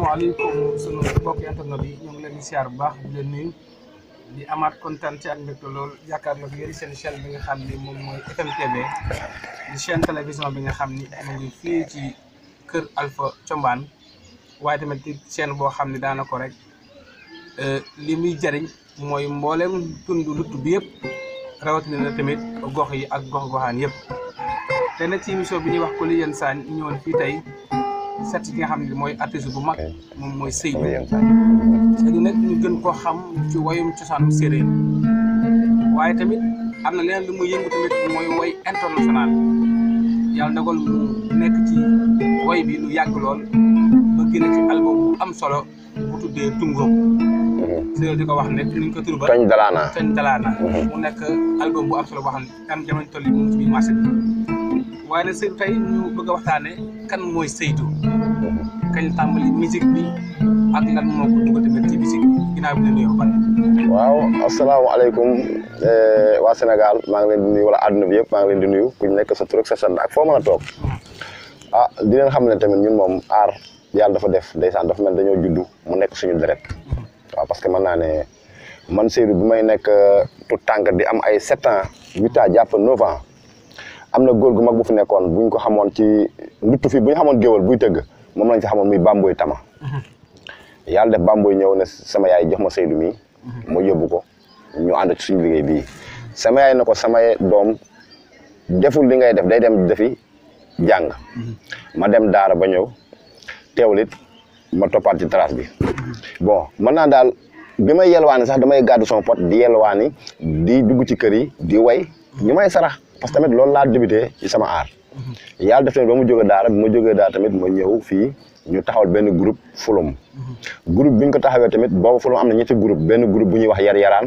maaleykum sunu mbokk internet yi ñoo ngi leen di siyaar di leen nuyu di amaat kontaan ci ak mbégte lool jàkkaarloog yéen seen chaîne bi nga xam ni moom mooy FMTV di chaîne télévision bi nga xam ni ngi fii ci kër Alpha Thiombane waaye tamit ci chaîne boo xam ne daana ko rek li muy jariñ mooy mboolem tund lutt bi yëpp rawatina na tamit gox yi ak gox goxaan yëpp te nag ci émission bi ñuy wax ko li yéen saan ñëwoon fii tey seet ki nga xam ne mooy artiste bu mag moom mooy Seydou Seydou nag ñu gën koo xam ci wayum cosaanu séeréer waaye tamit am na leneen lu muy yëngu tamit mooy way international yàlla dogal mu nekk ci woy bi lu yàgg lool ba gën a ci am solo bu tuddee Tungoom mhm. Seydou di ko wax ne nuñ ko tur ba Toñ Dalaana Toñ Dalaana mhm. mu nekk bu am solo boo xam ne kan jamono toll mu ngi ci biir marché bi waaye nag Seydou bëgg a waxtaane kan mooy Seydou kañ la music musique bi ak lan moo ko dugal tamit ci musique bi ginnaaw bi la nuyoo ba waaw asalaamaaleykum eh, waa Sénégal maa ngi leen di nuyu wala àdduna bi yëpp maa ngi leen di nuyu ku nekk sa tur sa sant ak foo mën a ah di leen xam tamit ñun moom aar yàlla dafa def ndeysaan dafa mel dañoo juddu mu nekk suñu deret waaw parce que mën naa ne man Seydou bi may nekk eh, tout tànk di am ay sept ans huit ans jàpp neuf ans am na gu mag bu fi nekkoon buñ ko ci fi bu ñu xamoon buy moom lañ fi xamoon muy bamboy tama yàlla def bamboy ñëw ne sama yaay jox ma Seydou mii ma yóbbu ko ñu ànd suñ suñu liggéey bii sama yaay na ko sama doom deful li ngay def day dem defi jàng ma dem daara ba ñëw teewlit ma toppaat ci trace bi bon mën naa daal bi may yelwaani sax damay gàddu sama pot di yelwaani di dugg ci kër yi di way ñu may sarax parce que tamit loolu laa débuté ci sama aar yàlla def tamit ba mu jógee daal bi ma jógee daara tamit ma ñëw fii ñu taxawal benn group fulum groupe bi ñu ko taxawee tamit boobu fulum am na ñetti groupe benn groupe bu ñuy wax yar yaraan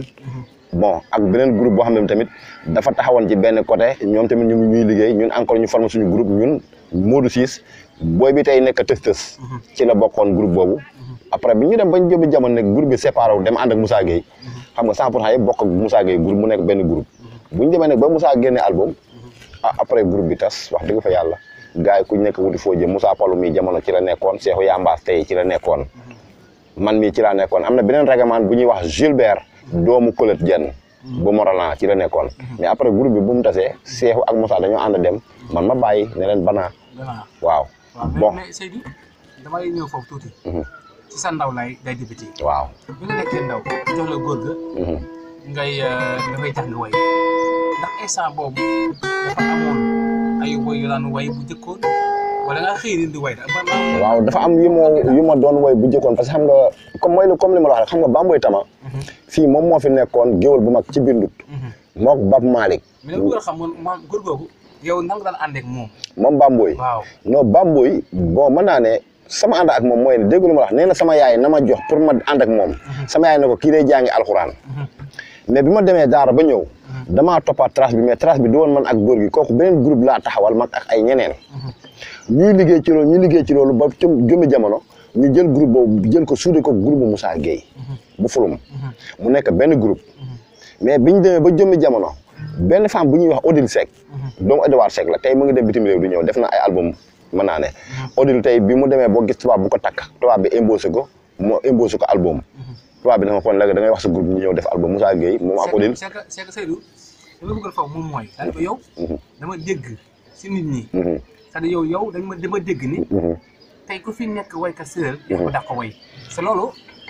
bon ak beneen group boo xam ne tamit dafa taxawoon ci benn côté ñoom tamit ñu ñuy liggéey ñun encore ñu formé suñu groupe ñun Modou Ciss booy bi tey nekk tës tës ci la bokkoon groupe boobu après bi ñu dem bañ jóbi jamono nag groupe bi séparé wu dem ànd ak Moussa Gueye xam nga cent pour cent bokk mu Moussa Gueye groupe mu nekk benn group bu ñu demee nag ba Moussa génne album Ah, après groupe bi tas wax dëgg fa yàlla gars yi ku nekk wuti foo jëm Moussa Palou mii jamono ci la nekkoon Cheikhou Yambaas tey ci la nekkoon man mii ci laa nekkoon am na beneen règlement bu ñuy wax Gilbert doomu Colette Dieng bu Morolan ci la nekkoon mais après groupe bi bu mu tasee Cheikhou ak Moussa dañoo ànd dem man ma bàyyi ne banaa waaw bon ndax instant boobu dafa amoon ay woy yu daan way bu jëkkoon wala nga xëy di way dafa waaw dafa am yu ma yu ma doon way bu jëkkoon parce que xam nga comme mooy comme li ma la wax xam nga bamboy tama mhm. fii moom moo fi nekkoon géwal bu mag ci bindut mook mhm. bab malik mais góor xam moom góor googu yow nan nga daan ànd ak moom moom bamboy waaw bamboy bon mën sama anda ak moom mooy ne déggu ma wax nee sama yaay nama ma jox pour ma ànd ak moom mhm. sama yaay ne ko kii day jàngi alxuraan mais bi ma demee ba ñëw damaa toppaat trace bi mais trace bi du woon man ak góor gi kooku beneen groupe laa taxawal man ak ay ñeneen mhm. ñuy liggéey ci loolu ñu liggéey ci loolu ba jëmi jamono ñu jël groupe boobu jël ko suude ko groupe bu Moussa Gueye mhm. bu fulum mhm. mu nekk benn groupe mais bi ñu demee ba jëmmi jamono benn femme bu ñuy wax Odile Seck doomu Edouard Seck la tey mu ngi dem bitim réew du ñëw def na ay album mën naa ne Odile tey bi mu demee boo gis tubaab bu ko takk tubaab bi imposé ko moo imposé ko album tubaab bi dafa xool léegi da ngay wax sa groupe ñu ñëw def album Moussa Gueye moom Akodil c'est que c'est que Seydou dama bëgg a faw moom mooy daal yow mm-hmm. Mm-hmm. dama dégg si nit ñi mm-hmm. c'est-à-dire yow yow dañ ma dama dégg ni tey ku fi nekk wayka séeréer yaa ko dàq ko way c'est loolu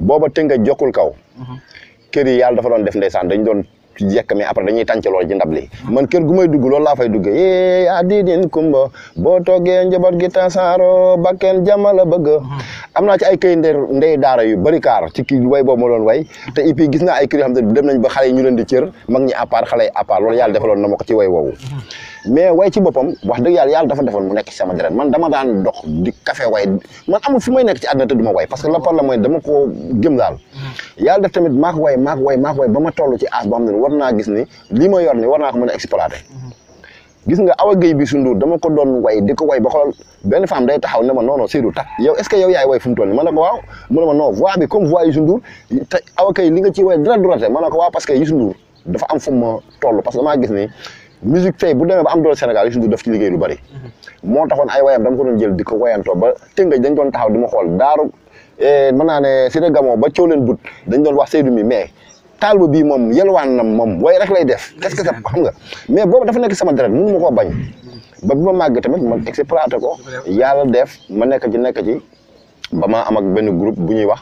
booba tënka jokkul kaw. Mhm. kër yi yàlla dafa def def ndeysaan dañu doon yekk mais après dañuy tàncaloo ci ndab li. Mhm. man kër gu may dugg loolu laa fay duggee yee adidin kumba boo toogee njaboot gi tasaaro bakken jamala bëgg. Mhm. am na ci ay këy ndey ndey daara yu bëri kaar ci kii way boobu ma doon way te et puis gis na ay kër yoo xam dem nañ ba xale yi ñu leen di cër mag ñi à part xale yi à part loolu defaloon na ma ko ci way woowu. mais way ci boppam wax dëgg yàlla yàlla dafa defoon mu nekk sama deret man dama daan dox di café way man amul fi may nekk ci àdduna te du ma way parce que le problème mooy dama koo ko hmm. ba ma toll ci as boo xam ne war naa gis ni lii ma yor ni war naa a exploiter hmm. ko doon way di ko way ba xool benn femme day taxaw ne ma non non Seydou tak yow est ce que yow yaay way fu mu toll ni ma ne ko waaw mu ne ma non voix comme voix Youssou Ndour awa kay li nga ciy way dara du ma ne ko waaw parce que Youssou Ndour dafa am fu ma toll parce que damaa ni musique tey bu demee ba am doole Sénégal Youssou Ndour daf ci liggéey lu bari. Mm-hmm. moo taxoon ay wayam dama ko doon jël di ko wayantoo ba tëngaj dañ doon taxaw di ma xool daaru eh, mën naa ne Sida Gamo ba coow leen but dañ doon wax Seydou mi mais taal ba bii moom yelwaan na moom way rek lay def quest que ça mm-hmm. xam nga mais boobu dafa nekk sama deret mënu ma koo bañ ba bi ma màgg tamit man exploité ko yàlla def ma nekk ci nekk ci ba ma am ak benn groupe bu ñuy wax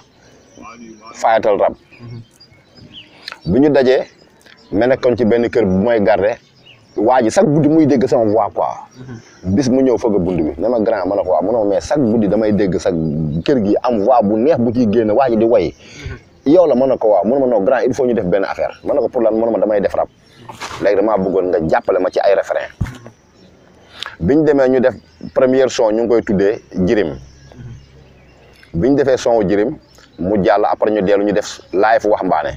fayatal rab mm-hmm. bu ñu dajee ma nekkoon ci benn kër bu may garde waji sak chaque guddi muy deg sama voix quoi mhm. bis mu ñew fëgg bundu bi ne grand ma ne ko waaw mais sak guddi damay deg sak kër gi am voix bu neex bu ci genn waji di way mhm. yow la ma ko waaw grand il faut ñu def ben affaire ma ko pour lan mëno ma damay def rap mhm. léegi dama bëggon nga jappalé ma ci ay refrain biñ démé ñu def première son ñu koy tuddé jirim biñ défé son jirim mu jall après ñu délu ñu def live wax mbaane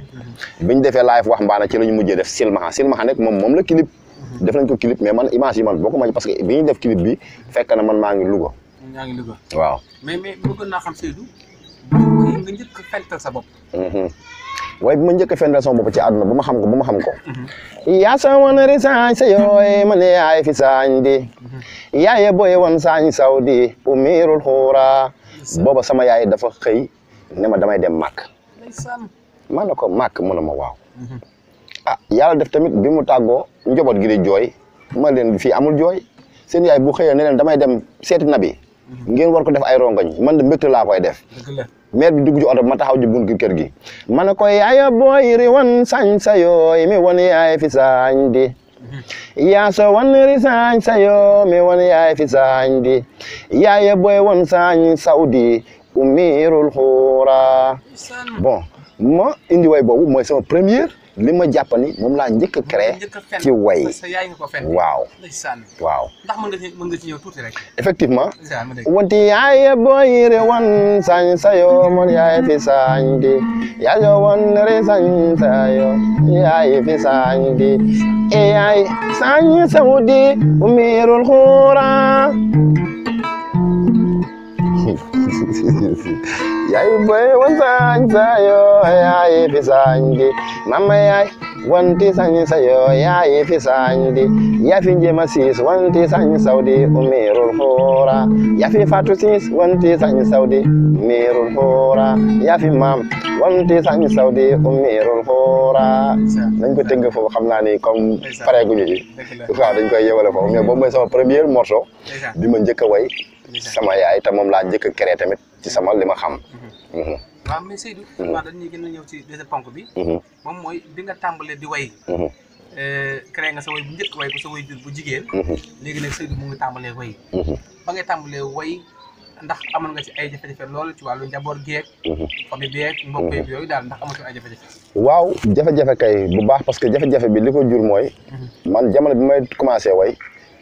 biñ défé live wax mbaane ci lañu mujjé def silmaxa silmaxa nek mom mom la clip def nañ ko clip mais man image yi man boo ko ma parce que bi ñuy def clip bi fekk na man maa ngi Louga. maa ngi Louga waaw. mais mais bëggoon xam Seydou. waaye fental sa bopp. Mhm. waaye bi ma njëkk a fental sama bopp ci àdduna ba ma xam ko ba ma xam ko. Mhm. yaa sa wan sa yooye ma ne yaay fi saañ di. Mhm. yaaye boye wan saañ saw di umirul booba sama yaay dafa xëy ne ma damay dem màkk. maa ko màkk mu ne ma waaw. ah yàlla def tamit bi mu tàggoo njaboot gi jooy ma leen fii amul jooy seen yaay bu xëyee ne leen damay dem seeti na bi mhm. ngeen war ko def ay rongoñ man de mbégte laa koy def maire bi dugg ci oto bi ma kër gi ma ne ko yaaya booy ri wan sañ sa yooy mi wan yaay fi sañ di mhm. yaa so wan sañ sa yoo mi wan yaay fi sañ di yaaya booy wan sañ sawdi umirul xuura bon ma indi way boobu mooy sama première lima japp ni mom la ñëk créer ci way waaw waaw ndax mën nga ci mën nga ci ñëw tuuti rek effectivement wonti yaaye boyire won sañ sayo mon yaay fi sañ di yo won re sañ sayo yaay fi sañ di e yaaye sañ saudi umirul khura yai bai wansan sayo yai fisandi mama yai wanti sanyi sayo yai fisandi ya finje sis wanti sanyi saudi umirul hora ya fi fatu sis wanti sanyi saudi umirul hora ya fi mam wanti sanyi saudi umirul hora dañ ko teug fofu xamna ni comme paré guñu ji ko dañ koy yewale fofu mais bo moy sama premier morceau di ma ñëk way sama ya te moom laa njëkk a créé tamit ci sama li ma xam. waaw mhm. mais mhm. Seydou. waaw mhm. dañuy gën a ñëw ci deuxième ponk bi. moom mooy bi nga tàmbalee di way. créé nga sa way bu njëkk way bu sa way jur bu jigéen. léegi nag Seydou mu ngi tàmbalee way. ba ngay tàmbalee way ndax amul nga ci ay jafé jafé lool ci wàllu njaboot geeg. fami beek mbokk yeeg yoy dal ndax amatu ay jafé jafé waw jafé jafé kay bu baax parce que jafé jafé bi liko jur moy man jamono bi may commencé way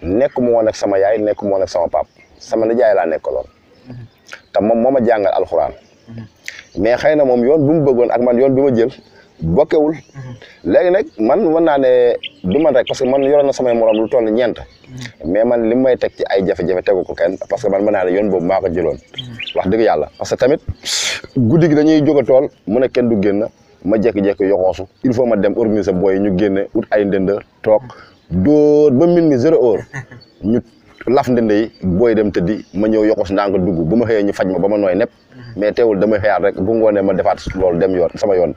nekk mo won ak sama yaay nekk mo won ak sama pap sama nijaay laa nekkaloon te moom moom a jàngal alxuraan mais xëy na moom yoon bu mu bëggoon ak man yoon bi ma jël bokkewul léegi nag man mën naa ne du man rek parce que man yoroon na samay morom lu toll ñeent mais man li may teg ci ay jafe ko kenn parce que man mën naa ne yoon boobu maa ko jëloon wax dëgg yàlla parce que tamit guddi gi dañuy ñuy a tool mu ne kenn du génn ma jékki-jékki yoxoosu il faut ma dem organiser booy ñu génne ut ay ndënd toog dóor ba min mi zéro heure laf ndënd yi booy dem tëddi ma ñëw yokos ndànk dugg bu ma xëyee ñu faj ma ba ma nooy nepp mais teewul damay xëyaat rek bu ngoonee ma defaat loolu dem yoon sama yoon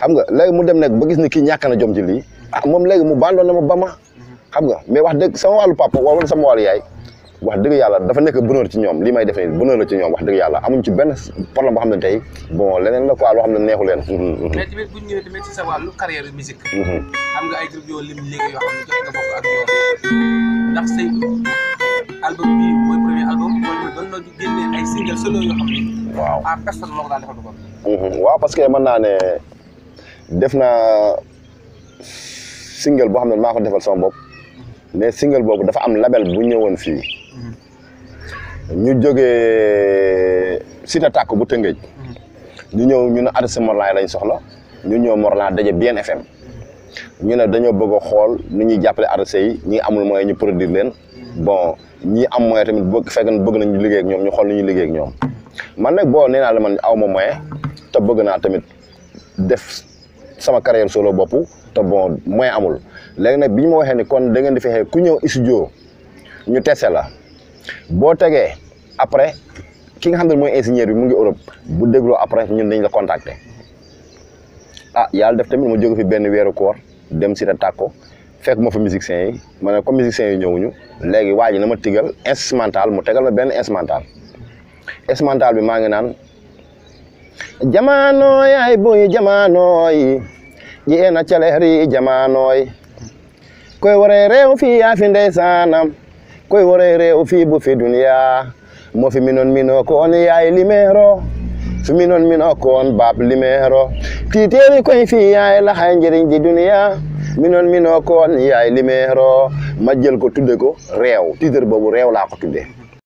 xam nga léegi mu dem nag ba gis ni kii ñàkk na jom ci lii ah moom léegi mu bandoon na ma ba ma xam nga mais wax dëgg sama wàllu papa wala sama wàllu yaay wax dëgg yàlla dafa nekk bonheur ci ñoom li may def nii bonheur la wax dëgg yàlla ci benn problème boo ne tey bon leneen la quoi loo xam ne neexu leen. mais mhm. bi mooy premier na single solo xam ne. waaw mhm. que mën naa ne def naa single boo xam ne maa ko defal sama bopp mhm. mais single boobu dafa am label bu ñëwoon fii. ñu jógee Cité Takku bu Tëngéej ñu ñëw ñu na artiste Morlan lañ soxla ñu ñëw morla dajé bien FM ñu ne dañu bëgg a xool nu ñuy jàppale artiste yi ñi amul moy ñu produire len bon ñi am moy tamit bëgg fekk na bëgg nañ ñu liggéey ak ñom ñu xool ñu liggé ak ñom man nak bo néna la man awma moy ta bëgg na tamit def sama carrière solo bop ta bon moy amul légui nak biñ mo waxé ni kon da ngeen di fexé ku ñëw studio ñu tessé la boo tegee après ki nga xam ne mooy ingénieur bi mu ngi Europe bu dégloo après ñun dañ la contacter ah yàlla def tamit ma jóge fi benn weeru koor dem si ta tàkko fekk ma fa musiciens yi ma ne comme musiciens yi ñëwuñu léegi waa ji na ma tigal instrumental mu tegal ma benn instrumental instrumental bi maa ngi naan jamaanooy ay buy jamaanooy ji eena caleer yi jamaanooy koy waree réew fii yaa fi ndeysaanam koye worere o fi fibo fe mo fi minon mino ko on yaye limero fumi non mino ko on bab ti titeri ko fi yaye lahay jerinji duniya minon mino ko on yaye limero majjel ko tudde ko reew titre boobu reew laa ko tudde